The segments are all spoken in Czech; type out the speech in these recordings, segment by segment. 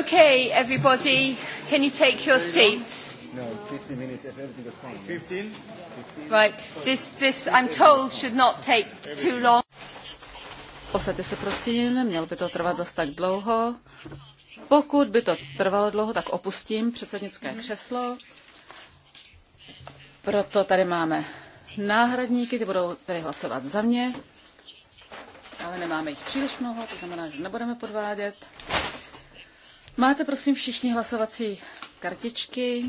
Okay, everybody, can you take your seats? No, 15 minutes, if everything is fine. 15? Right, this, this, I'm told, should not take too long. Posaďte se prosím, měl by to trvat zase tak dlouho. Pokud by to trvalo dlouho, tak opustím předsednické křeslo. Proto tady máme náhradníky, ty budou tady hlasovat za mě. Ale nemáme jich příliš mnoho, to znamená, že nebudeme podvádět. Máte prosím všichni hlasovací kartičky.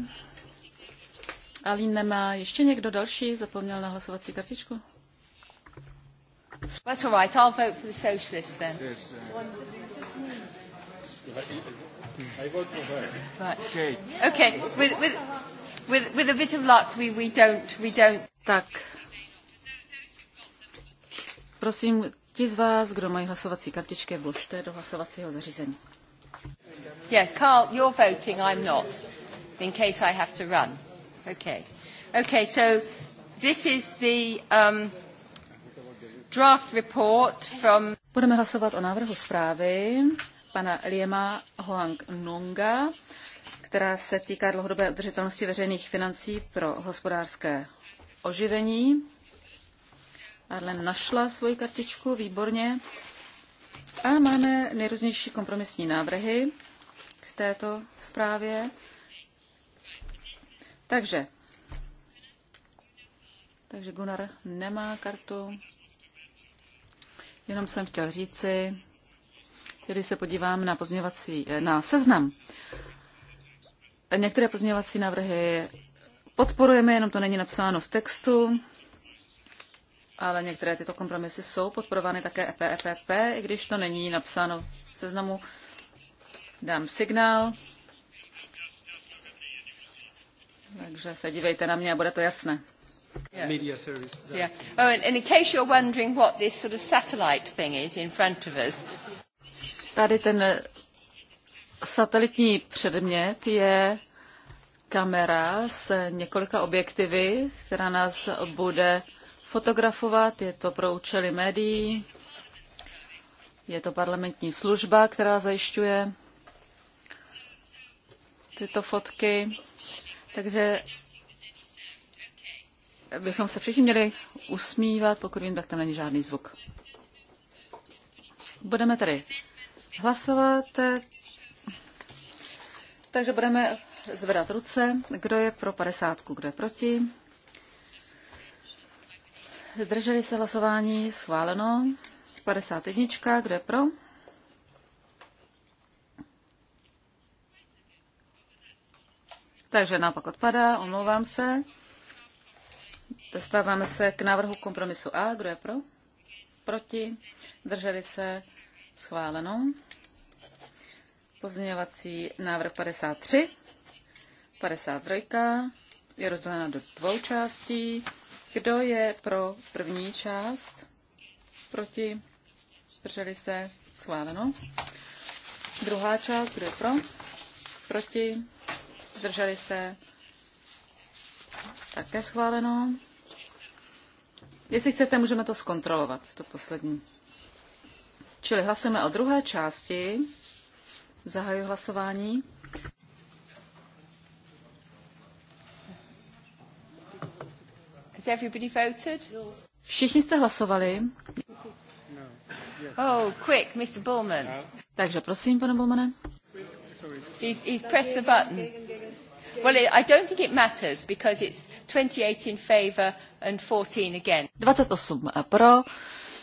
Alín nemá. Ještě někdo další zapomněl na hlasovací kartičku? That's all right. I'll vote for the socialist then. Yes, uh, I vote for her. Right. Okay. Okay. With, with, with, with a bit of luck, we, we don't we don't. Tak. Prosím, ti z vás, kdo mají hlasovací kartičky, vložte do hlasovacího zařízení. Yeah, Carl, you're voting, I'm not, in case I have to run. Okay. Okay, so this is the um, draft report from... Budeme hlasovat o návrhu zprávy pana Liema Hoang Nunga, která se týká dlouhodobé udržitelnosti veřejných financí pro hospodářské oživení. Arlen našla svoji kartičku, výborně. A máme nejrůznější kompromisní návrhy této zprávě. Takže, takže Gunnar nemá kartu. Jenom jsem chtěl říci, když se podívám na pozměňovací, eh, na seznam, některé pozměňovací návrhy podporujeme, jenom to není napsáno v textu, ale některé tyto kompromisy jsou podporovány také EPPP, e i když to není napsáno v seznamu dám signál. Takže se dívejte na mě a bude to jasné. Yeah. Media service. Yeah. Oh, and, in case you're wondering what this sort of satellite thing is in front of us. Tady ten satelitní předmět je kamera s několika objektivy, která nás bude fotografovat. Je to pro účely médií, je to parlamentní služba, která zajišťuje tyto fotky. Takže bychom se všichni měli usmívat, pokud vím, tak tam není žádný zvuk. Budeme tady hlasovat, takže budeme zvedat ruce, kdo je pro padesátku, kdo je proti. Zdrželi se hlasování, schváleno. 51, kdo je pro? Takže naopak odpadá, omlouvám se. Dostáváme se k návrhu kompromisu A. Kdo je pro? Proti? Drželi se? Schváleno. Pozměňovací návrh 53. 53. Je rozdělena do dvou částí. Kdo je pro první část? Proti? Drželi se? Schváleno. Druhá část. Kdo je pro? Proti? zdrželi se, také schváleno. Jestli chcete, můžeme to zkontrolovat, to poslední. Čili hlasujeme o druhé části. Zahajuji hlasování. Všichni jste hlasovali. No. Oh, quick, Mr. Bullman. Takže prosím, pane Bullmane. He's, he's pressed the button. 28 eh, pro,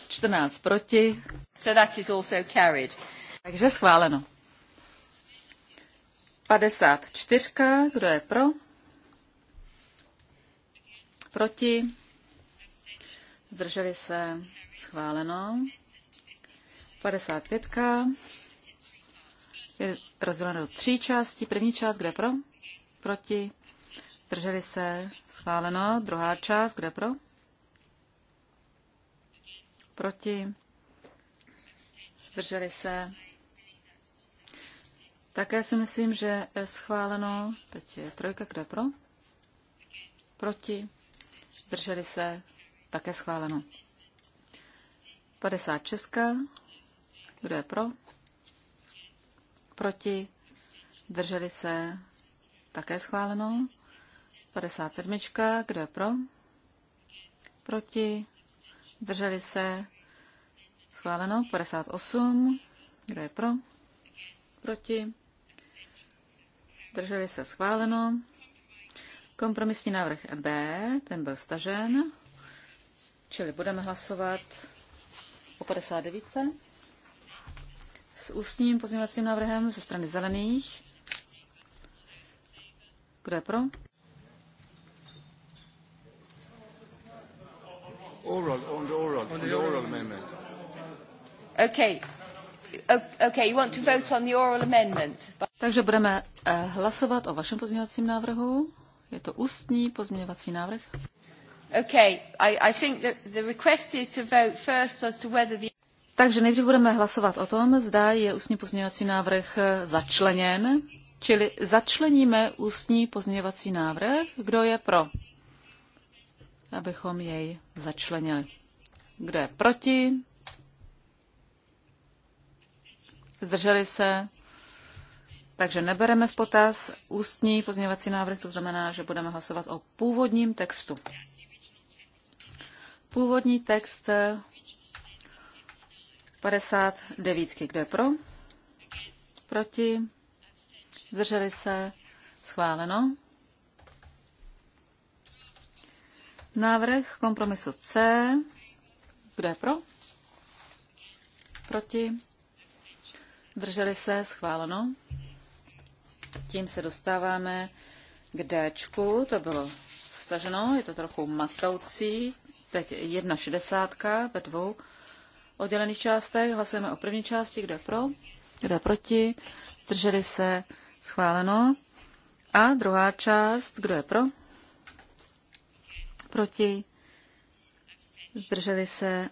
14 proti. So that is also carried. Takže schváleno. 54. Kdo je pro? Proti? Zdrželi se? Schváleno. 55. Je rozděleno do tří částí. První část, kde pro? proti, drželi se, schváleno. Druhá část, kde pro? Proti, drželi se. Také si myslím, že schváleno, teď je trojka, kde pro? Proti, drželi se, také schváleno. 56. Kdo je pro? Proti? Drželi se? také schváleno. 57. Kdo je pro? Proti? Drželi se? Schváleno. 58. Kdo je pro? Proti? Drželi se? Schváleno. Kompromisní návrh B, ten byl stažen, čili budeme hlasovat o 59 s ústním pozměňovacím návrhem ze strany zelených. Kdo je pro? Oral, on the oral, on the oral amendment. Okay. Okay, you want to vote on the oral amendment. Takže budeme eh, hlasovat o vašem pozměňovacím návrhu. Je to ústní pozměňovací návrh. Okay, I, I think that the request is to vote first as to whether the... Takže nejdřív budeme hlasovat o tom, zda je ústní pozměňovací návrh eh, začleněn Čili začleníme ústní pozměňovací návrh. Kdo je pro? Abychom jej začlenili. Kdo je proti? Zdrželi se? Takže nebereme v potaz ústní pozměňovací návrh, to znamená, že budeme hlasovat o původním textu. Původní text 59. Kdo je pro? Proti? zdrželi se, schváleno. Návrh kompromisu C. Kdo je pro? Proti? Drželi se? Schváleno. Tím se dostáváme k D. To bylo staženo, je to trochu matoucí. Teď 1,60 ve dvou oddělených částech. Hlasujeme o první části. Kdo je pro? Kdo je proti? Drželi se? Schváleno. A druhá část, kdo je pro? Proti? Zdrželi se?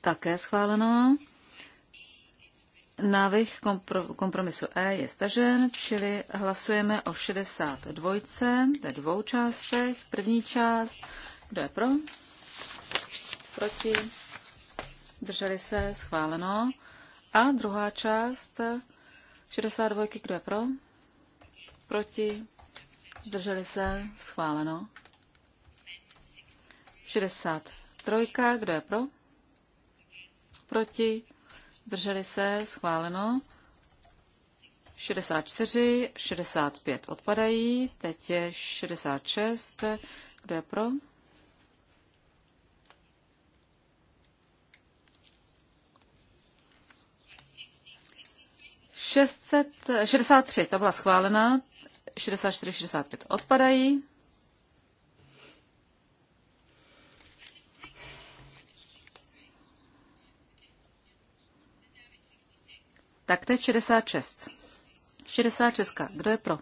Také schváleno. Návrh kompromisu E je stažen, čili hlasujeme o 62 ve dvou částech. První část, kdo je pro? Proti? Drželi se, schváleno. A druhá část, 62, kdo je pro? Proti? Zdrželi se? Schváleno. 63, kdo je pro? Proti? Zdrželi se? Schváleno. 64, 65 odpadají, teď je 66, kdo je pro? 63, ta byla schválena, 64, 65 odpadají. Tak teď 66. 66. Kdo je pro?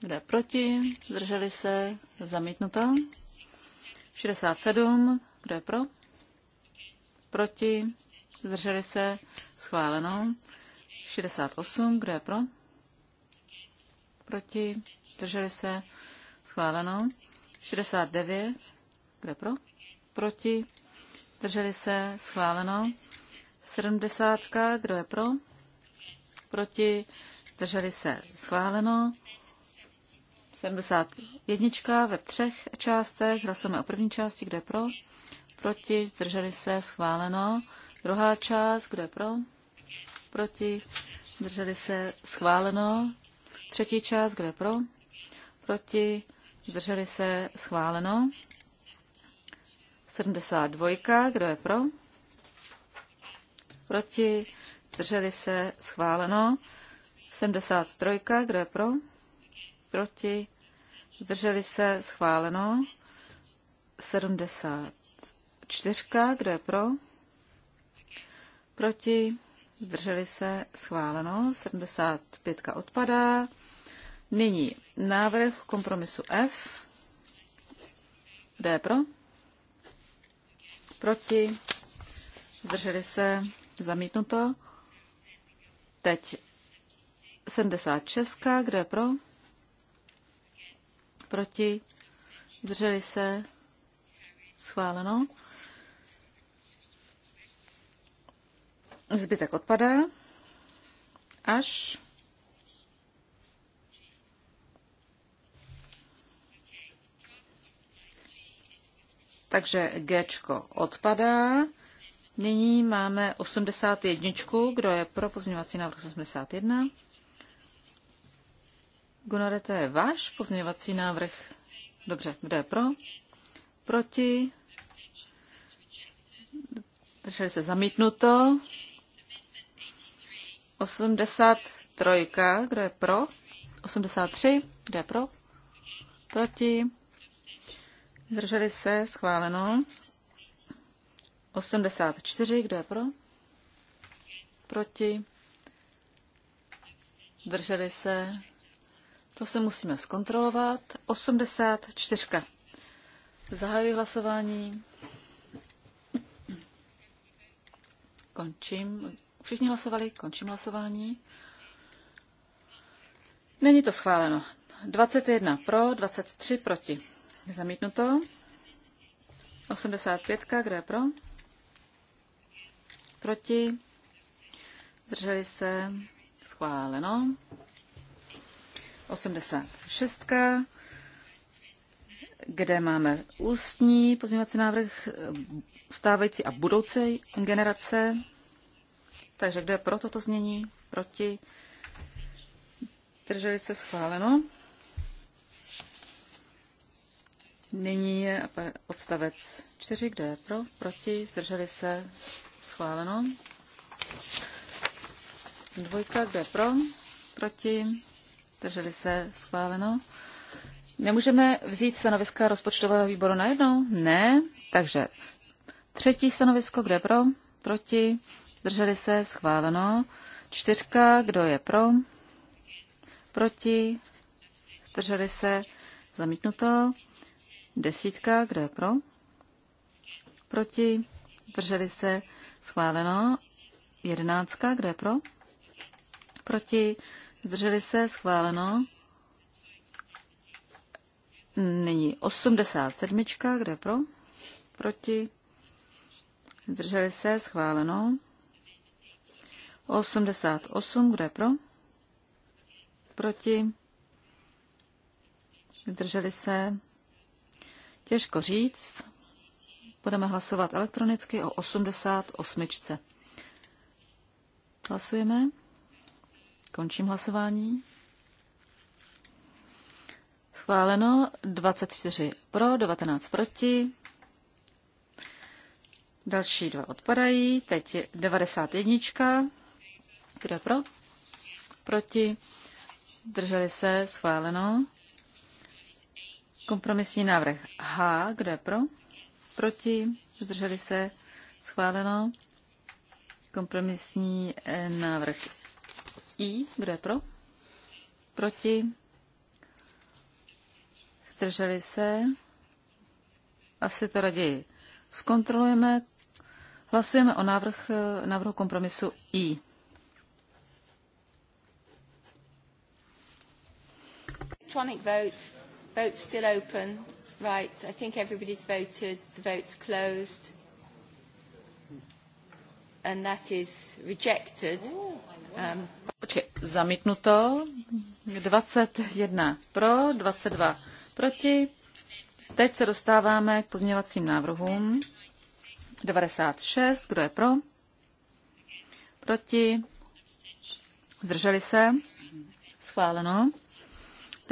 Kdo je proti? Zdrželi se? Zamítnuto. 67. Kdo je pro? Proti? Zdrželi se? Schváleno. 68. Kdo je pro? Proti? Drželi se? Schváleno. 69. Kdo je pro? Proti? Drželi se? Schváleno. 70. Kdo je pro? Proti? Drželi se? Schváleno. 71 ve třech částech. Hlasujeme o první části, kde pro, proti, zdrželi se, schváleno. Druhá část, kdo je pro? Proti. Zdrželi se. Schváleno. Třetí část, kdo je pro? Proti. Zdrželi se. Schváleno. 72, kdo je pro? Proti. Zdrželi se. Schváleno. 73, kdo je pro? Proti. Zdrželi se. Schváleno. 74, kdo je pro? proti, drželi se, schváleno, 75 odpadá. Nyní návrh kompromisu F. D pro? Proti, drželi se, zamítnuto. Teď 76, kde pro? Proti, drželi se, schváleno. Zbytek odpadá až Takže G odpadá. Nyní máme 81. Kdo je pro pozměňovací návrh 81? Gunare, to je váš pozměňovací návrh. Dobře, kdo je pro? Proti? Drželi se zamítnuto. 83. Kdo je pro? 83. Kdo je pro? Proti? Zdrželi se? Schváleno. 84. Kdo je pro? Proti? Zdrželi se? To se musíme zkontrolovat. 84. Zahajuji hlasování. Končím. Všichni hlasovali, končím hlasování. Není to schváleno. 21 pro, 23 proti. Zamítnuto. 85, kdo je pro? Proti. Drželi se. Schváleno. 86, kde máme ústní pozměňovací návrh eh, stávající a budoucí generace. Takže kdo je pro toto znění? Proti? Drželi se schváleno. Nyní je odstavec 4. Kdo je pro? Proti? Zdrželi se? Schváleno. Dvojka. Kdo je pro? Proti? Zdrželi se? Schváleno. Nemůžeme vzít stanoviska rozpočtového výboru najednou? Ne. Takže třetí stanovisko. Kdo je pro? Proti? Zdrželi se? Schváleno. Čtyřka. Kdo je pro? Proti? Zdrželi se? Zamítnuto. Desítka. Kdo je pro? Proti? Zdrželi se? Schváleno. Jedenáctka. Kdo je pro? Proti? Zdrželi se? Schváleno. Nyní 87. Kdo je pro? Proti? Zdrželi se? Schváleno. 88, kdo je pro? Proti? Vydrželi se? Těžko říct. Budeme hlasovat elektronicky o 88. Hlasujeme. Končím hlasování. Schváleno 24 pro, 19 proti. Další dva odpadají. Teď je 91. Kdo je pro? Proti? Drželi se? Schváleno. Kompromisní návrh H. Kdo je pro? Proti? Zdrželi se? Schváleno. Kompromisní eh, návrh I. Kdo je pro? Proti? Zdrželi se? Asi to raději zkontrolujeme. Hlasujeme o návrh, eh, návrhu kompromisu I. electronic vote. Vote's still open. Right, I think everybody's voted. The vote's closed. And that is rejected. Um, Počkej, zamítnuto. 21 pro, 22 proti. Teď se dostáváme k pozměňovacím návrhům. 96, kdo je pro? Proti? Zdrželi se? Schváleno.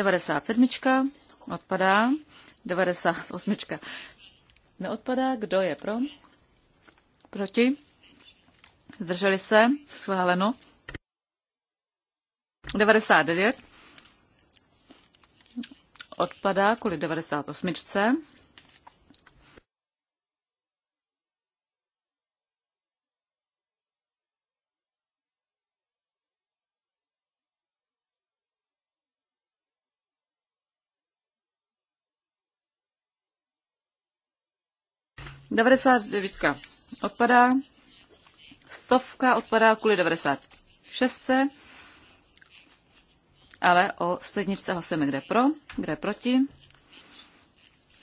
97. odpadá. 98. neodpadá. Kdo je pro? Proti? Zdrželi se? Schváleno. 99. Odpadá kvůli 98. 99 odpadá, stovka odpadá kvůli 96, ale o 101 hlasujeme kde pro, kde proti.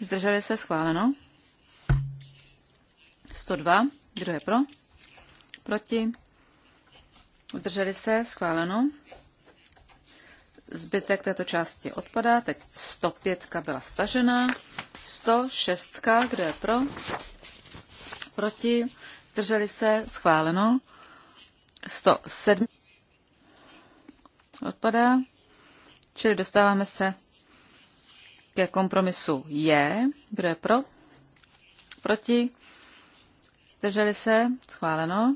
Zdrželi se schváleno. 102, kdo je pro, proti. Zdrželi se schváleno. Zbytek této části odpadá, teď 105 byla stažena, 106, kdo je pro, proti, drželi se, schváleno. 107 odpadá, čili dostáváme se ke kompromisu je, kdo je pro, proti, drželi se, schváleno.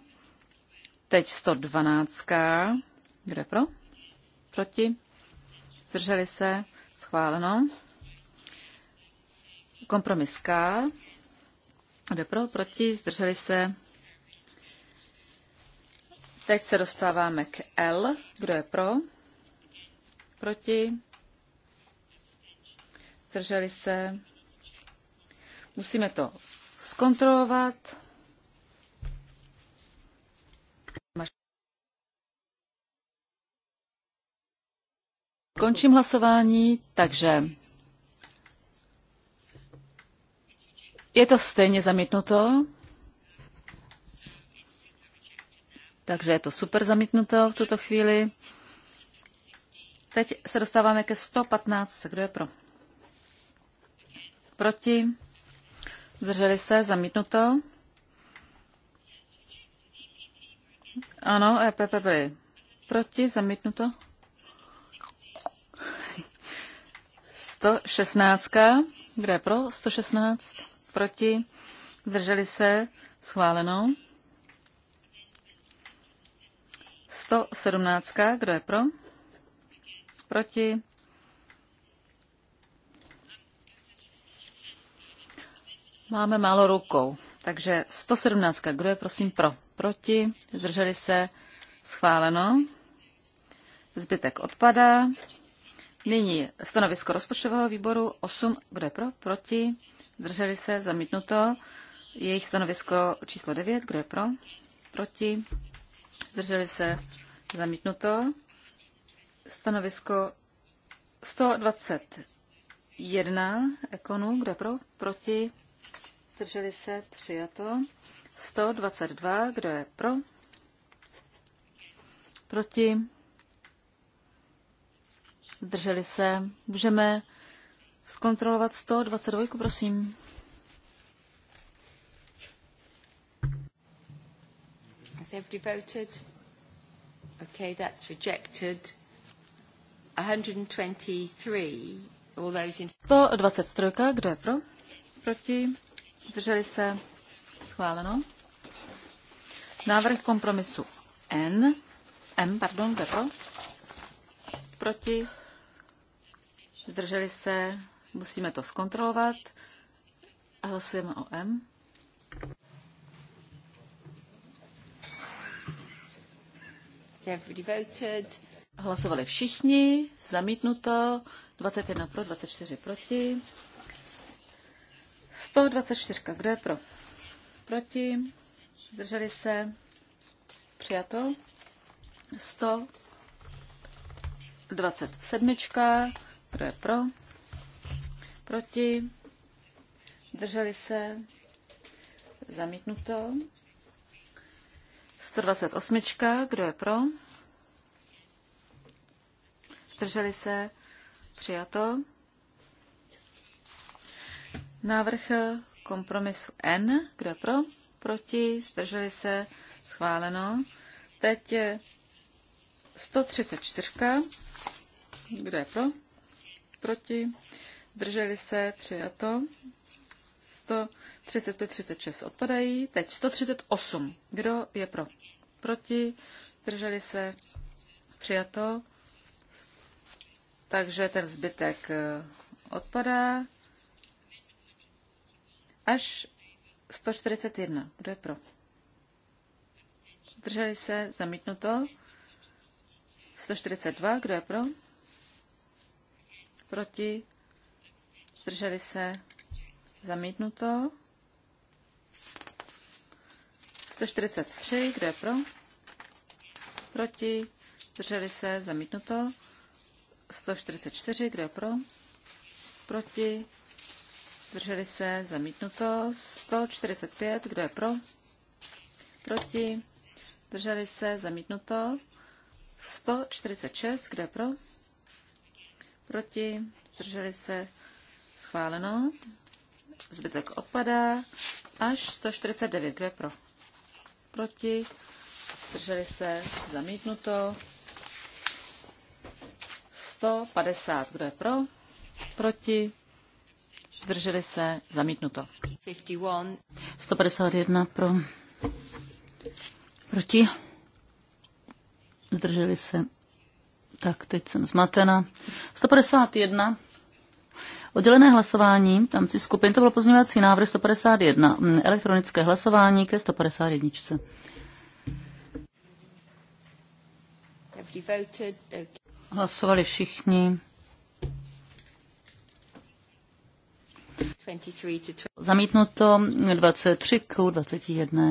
Teď 112, kdo je pro, proti, drželi se, schváleno. Kompromis K, kdo pro, proti, zdrželi se. Teď se dostáváme k L. Kdo je pro? Proti? Zdrželi se? Musíme to zkontrolovat. Končím hlasování, takže Je to stejně zamítnuto. Takže je to super zamítnuto v tuto chvíli. Teď se dostáváme ke 115. Kdo je pro? Proti? Zdrželi se? Zamítnuto? Ano, EPP byli proti, zamítnuto. 116. Kde je pro? 116 proti, zdrželi se, schváleno. 117, kdo je pro, proti, Máme málo rukou, takže 117, kdo je prosím pro, proti, zdrželi se, schváleno. Zbytek odpadá. Nyní stanovisko rozpočtového výboru 8. Kdo je pro? Proti? Zdrželi se? Zamítnuto. Jejich stanovisko číslo 9. Kdo je pro? Proti? Zdrželi se? Zamítnuto. Stanovisko 121 ekonu. Kdo je pro? Proti? Zdrželi se? Přijato. 122. Kdo je pro? Proti? Zdrželi se? Můžeme zkontrolovat 122, prosím. Has everybody voted? Okay, that's rejected. 123, all those in... 123, kdo je pro? Proti? Drželi se? Schváleno. Návrh kompromisu N. M, pardon, kdo je pro? Proti? Drželi se? Musíme to zkontrolovat. Hlasujeme o M. Hlasovali všichni, zamítnuto, 21 pro, 24 proti. 124, kdo je pro? Proti, zdrželi se, přijato. 127, kdo je pro? proti, drželi se, zamítnuto. 128. Kdo je pro? Drželi se? Přijato. Návrh kompromisu N. Kdo je pro? Proti? Zdrželi se? Schváleno. Teď je 134. Kdo je pro? Proti? zdrželi se, přijato. 135, 36 odpadají. Teď 138. Kdo je pro? Proti, zdrželi se, přijato. Takže ten zbytek eh, odpadá. Až 141. Kdo je pro? Drželi se, zamítnuto. 142. Kdo je pro? Proti? zdrželi se, zamítnuto. 143, kdo je pro? Proti, zdrželi se, zamítnuto. 144, kdo je pro? Proti, zdrželi se, zamítnuto. 145, kdo je pro? Proti, zdrželi se, zamítnuto. 146, kdo je pro? Proti, zdrželi se, Schváleno. Zbytek opadá. Až 149. Kdo je pro? Proti. Drželi se. Zamítnuto. 150. Kdo je pro? Proti. Drželi se. Zamítnuto. 51. 151 pro. Proti. Zdrželi se. Tak, teď jsem zmatena. 151 Oddělené hlasování v rámci skupin, to byl pozměňovací návrh 151, mm, elektronické hlasování ke 151. Hlasovali všichni. Zamítnuto 23 k 21.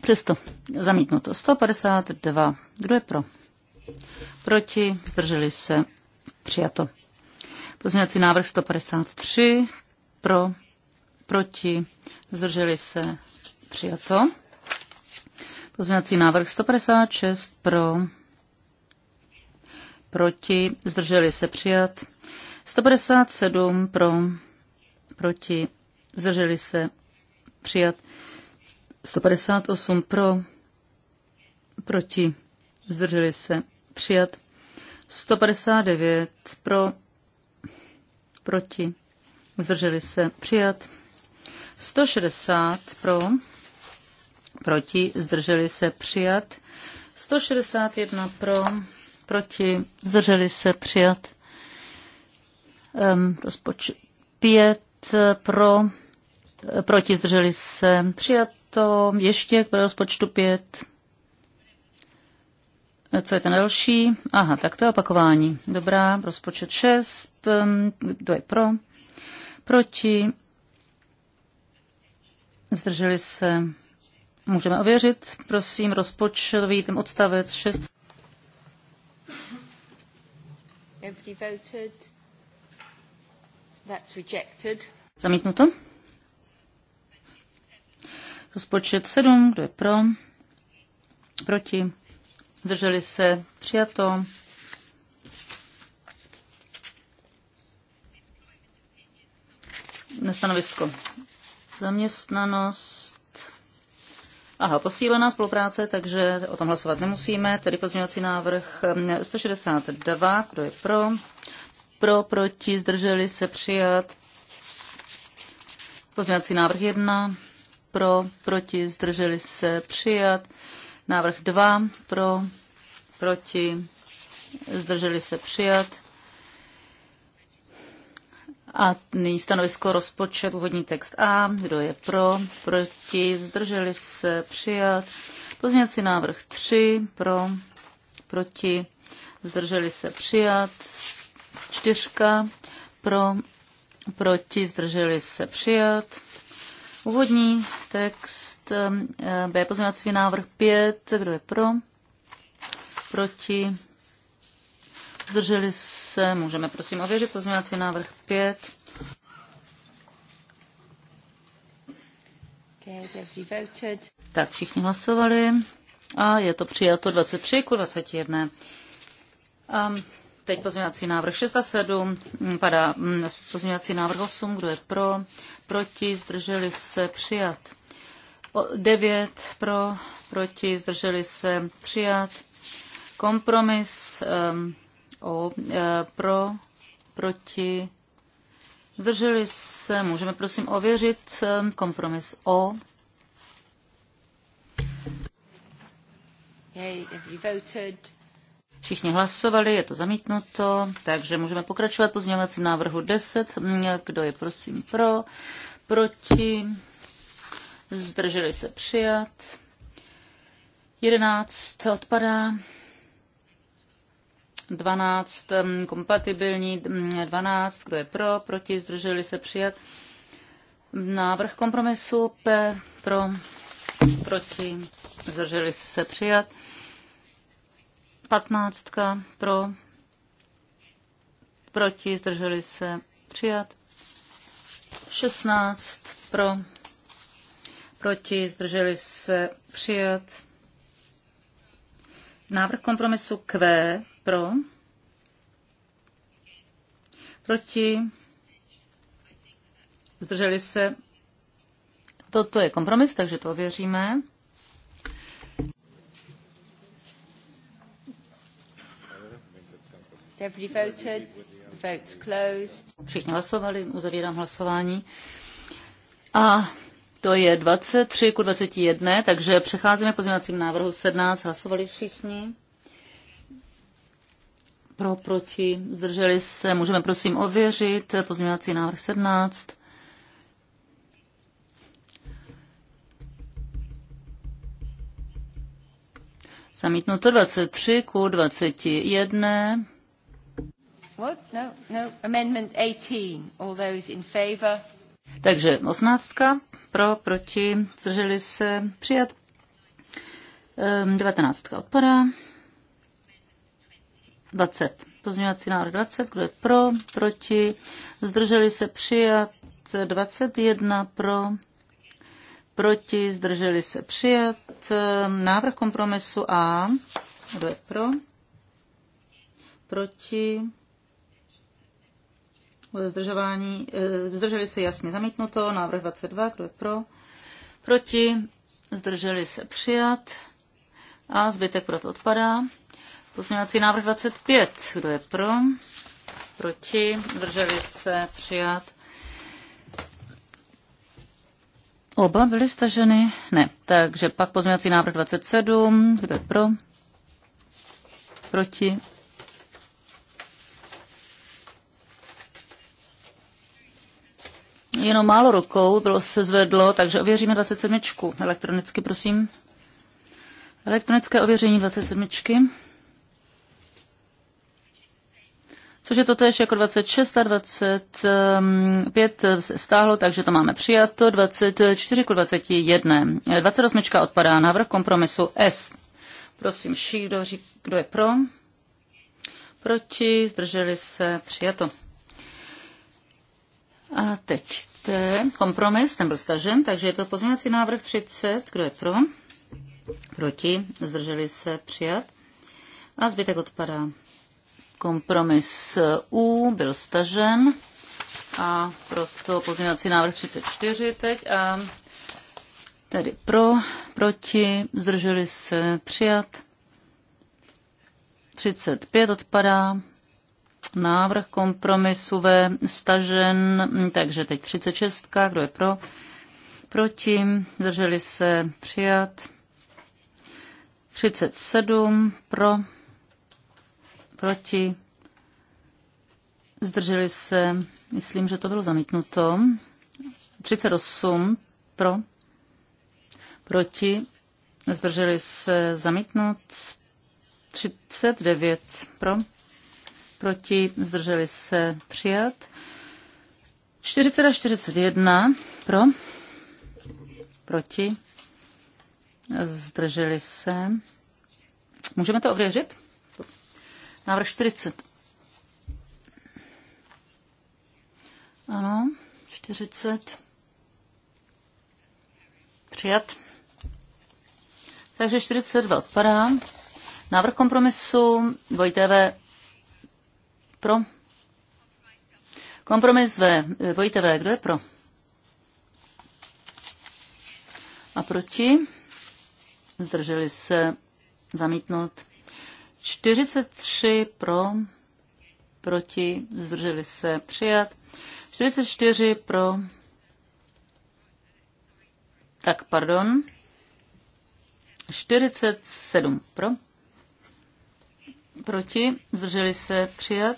Přesto zamítnuto 152. Kdo je pro? Proti zdrželi se Přijato. Pozměňovací návrh 153. Pro, proti, zdrželi se. Přijato. Pozměňovací návrh 156. Pro, proti, zdrželi se. Přijat. 157. Pro, proti, zdrželi se. Přijat. 158 pro, proti, zdrželi se, přijat. 159 pro, proti, zdrželi se, přijat. 160 pro, proti, zdrželi se, přijat. 161 pro, proti, zdrželi se, přijat. Um, rozpoč- 5 pro, proti, zdrželi se, přijat. To ještě k rozpočtu 5 co je ten další? Aha, tak to je opakování. Dobrá, rozpočet 6. Ehm, kdo je pro? Proti? Zdrželi se? Můžeme ověřit, prosím, rozpočet, ten odstavec 6. Everybody voted. That's rejected. Zamítnuto. Rozpočet 7, kdo je pro? Proti? Zdrželi se? Přijato. Nestanovisko. Zaměstnanost. Aha, posílená spolupráce, takže o tom hlasovat nemusíme. Tedy pozměňovací návrh mm, 162. Kdo je pro? Pro, proti, zdrželi se přijat. Pozměňovací návrh 1. Pro, proti, zdrželi se přijat. Návrh 2 pro, proti, zdrželi se přijat. A nyní stanovisko rozpočet, úvodní text A, kdo je pro, proti, zdrželi se přijat. Pozměňovací návrh 3 pro, proti, zdrželi se přijat. Čtyřka pro, proti, zdrželi se přijat. Úvodní text eh, B, pozměňovací návrh 5, kdo je pro, proti, zdrželi se, můžeme prosím ověřit pozměňovací návrh 5. Tak všichni hlasovali a je to přijato 23 ku 21. Um, Teď pozměňovací návrh 6 a 7, mm, padá mm, pozměňovací návrh 8, kdo je pro, proti, zdrželi se, přijat. 9 pro, proti, zdrželi se, přijat. Kompromis um, o, e, pro, proti, zdrželi se, můžeme prosím ověřit um, kompromis o. Yay, have you voted? Všichni hlasovali, je to zamítnuto, takže můžeme pokračovat pozměňovacím návrhu 10. Mm, kdo je prosím pro? Proti? Zdrželi se přijat. 11 odpadá. 12 mm, kompatibilní, 12, mm, kdo je pro, proti, zdrželi se přijat. Návrh kompromisu P pro, proti, zdrželi se přijat. Patnáctka pro, proti, zdrželi se, přijat. Šestnáct pro, proti, zdrželi se, přijat. Návrh kompromisu Q pro, proti, zdrželi se. Toto je kompromis, takže to ověříme. Všichni hlasovali, uzavírám hlasování. A to je 23 ku 21, takže přecházíme pozměňovacím návrhu 17. Hlasovali všichni? Pro, proti, zdrželi se. Můžeme prosím ověřit pozměňovací návrh 17. Zamítnuto 23 ku 21. What? No, no. Amendment 18. All those in favor. Takže osmnáctka pro, proti, zdrželi se, přijat. Um, Devatenáctka odpadá. 20. Pozměňovací návrh 20, kdo je pro, proti, zdrželi se přijat, 21 pro, proti, zdrželi se přijat, ehm, návrh kompromisu A, kdo je pro, proti, zdržování, eh, zdrželi se jasně zamítnuto, návrh 22, kdo je pro, proti, zdrželi se přijat a zbytek proto odpadá. Pozměňovací návrh 25, kdo je pro, proti, zdrželi se přijat. Oba byly staženy? Ne. Takže pak pozměňovací návrh 27, kdo je pro, proti, jenom málo rukou bylo se zvedlo, takže ověříme 27. Elektronicky, prosím. Elektronické ověření 27. Což je to tež jako 26 a 25 se stáhlo, takže to máme přijato. 24 k 21. 28 odpadá návrh kompromisu S. Prosím, všichni, kdo, kdo je pro? Proti, zdrželi se, přijato. A teď ten kompromis, ten byl stažen, takže je to pozměňovací návrh 30. Kdo je pro? Proti? Zdrželi se přijat? A zbytek odpadá. Kompromis U byl stažen a proto pozměňovací návrh 34 teď a tedy pro, proti, zdrželi se přijat. 35 odpadá. Návrh kompromisu ve stažen, takže teď 36, kdo je pro? Proti, zdrželi se přijat. 37 pro, proti, zdrželi se, myslím, že to bylo zamítnuto. 38 pro, proti, zdrželi se zamítnout 39 pro proti, zdrželi se přijat. 40 a 41 pro, proti, zdrželi se. Můžeme to ověřit? Návrh 40. Ano, 40. Přijat. Takže 42 odpadá. Návrh kompromisu dvojité pro. Kompromis ve, dvojité V, kdo je pro? A proti? Zdrželi se zamítnout. 43 pro, proti, zdrželi se přijat. 44 pro, tak pardon, 47 pro, proti, zdrželi se přijat.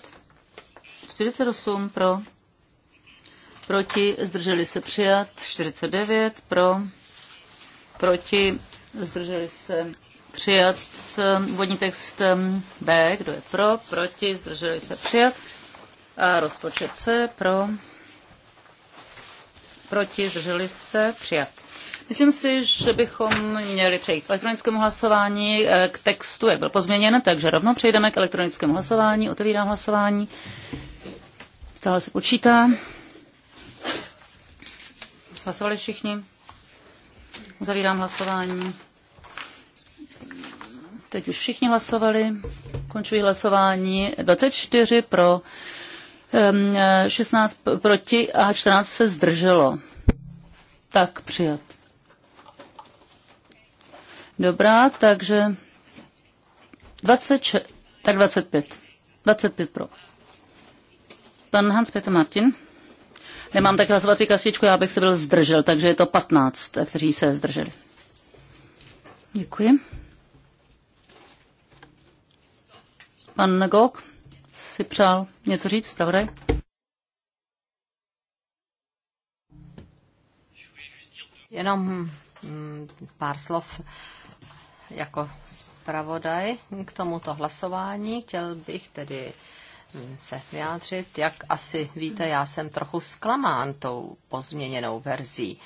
48 pro, proti, zdrželi se přijat. 49 pro, proti, zdrželi se přijat. Vodní text um, B, kdo je pro, proti, zdrželi se přijat. A rozpočet C pro, proti, zdrželi se přijat. Myslím si, že bychom měli přejít k elektronickému hlasování, eh, k textu, jak byl pozměněn, takže rovnou přejdeme k elektronickému hlasování. Otevírám hlasování. Stále se počítá. Hlasovali všichni? Zavírám hlasování. Teď už všichni hlasovali. Končují hlasování. 24 pro, 16 eh, proti a 14 se zdrželo. Tak přijat. Dobrá, takže 26, tak 25. 25 pro. Pan Hans Peter Martin. Nemám tak hlasovací kasičku, já bych se byl zdržel, takže je to 15, kteří se zdrželi. Děkuji. Pan Gok si přál něco říct, zpravodaj? Jenom hm, pár slov jako zpravodaj k tomuto hlasování. Chtěl bych tedy mm, se vyjádřit. Jak asi víte, já jsem trochu zklamán tou pozměněnou verzí,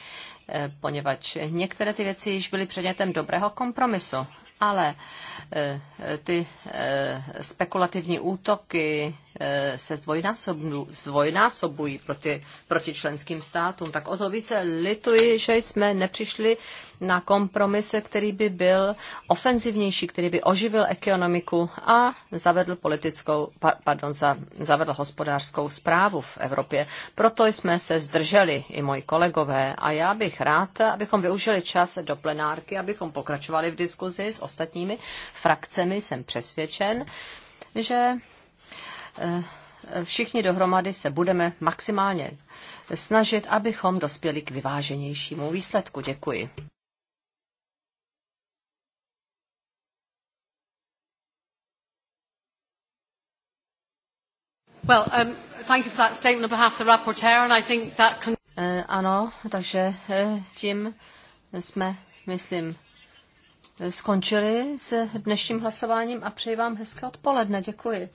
e, poněvadž některé ty věci již byly předmětem dobrého kompromisu, ale e, ty e, spekulativní útoky Eh, se zdvojnásobují proti, proti členským státům. Tak o to více lituji, že jsme nepřišli na kompromis, který by byl ofenzivnější, který by oživil ekonomiku a zavedl politickou, pardon, zavedl hospodářskou zprávu v Evropě. Proto jsme se zdrželi i moji kolegové a já bych rád, abychom využili čas do plenárky, abychom pokračovali v diskuzi s ostatními frakcemi, jsem přesvědčen, že Eh, všichni dohromady se budeme maximálně snažit, abychom dospěli k vyváženějšímu výsledku. Děkuji. Well, um, thank you for that statement on behalf of the rapporteur, and I think that can... Uh, eh, Ano, takže uh, tím jsme, myslím, skončili s dnešním hlasováním a přeji vám hezké odpoledne. Děkuji.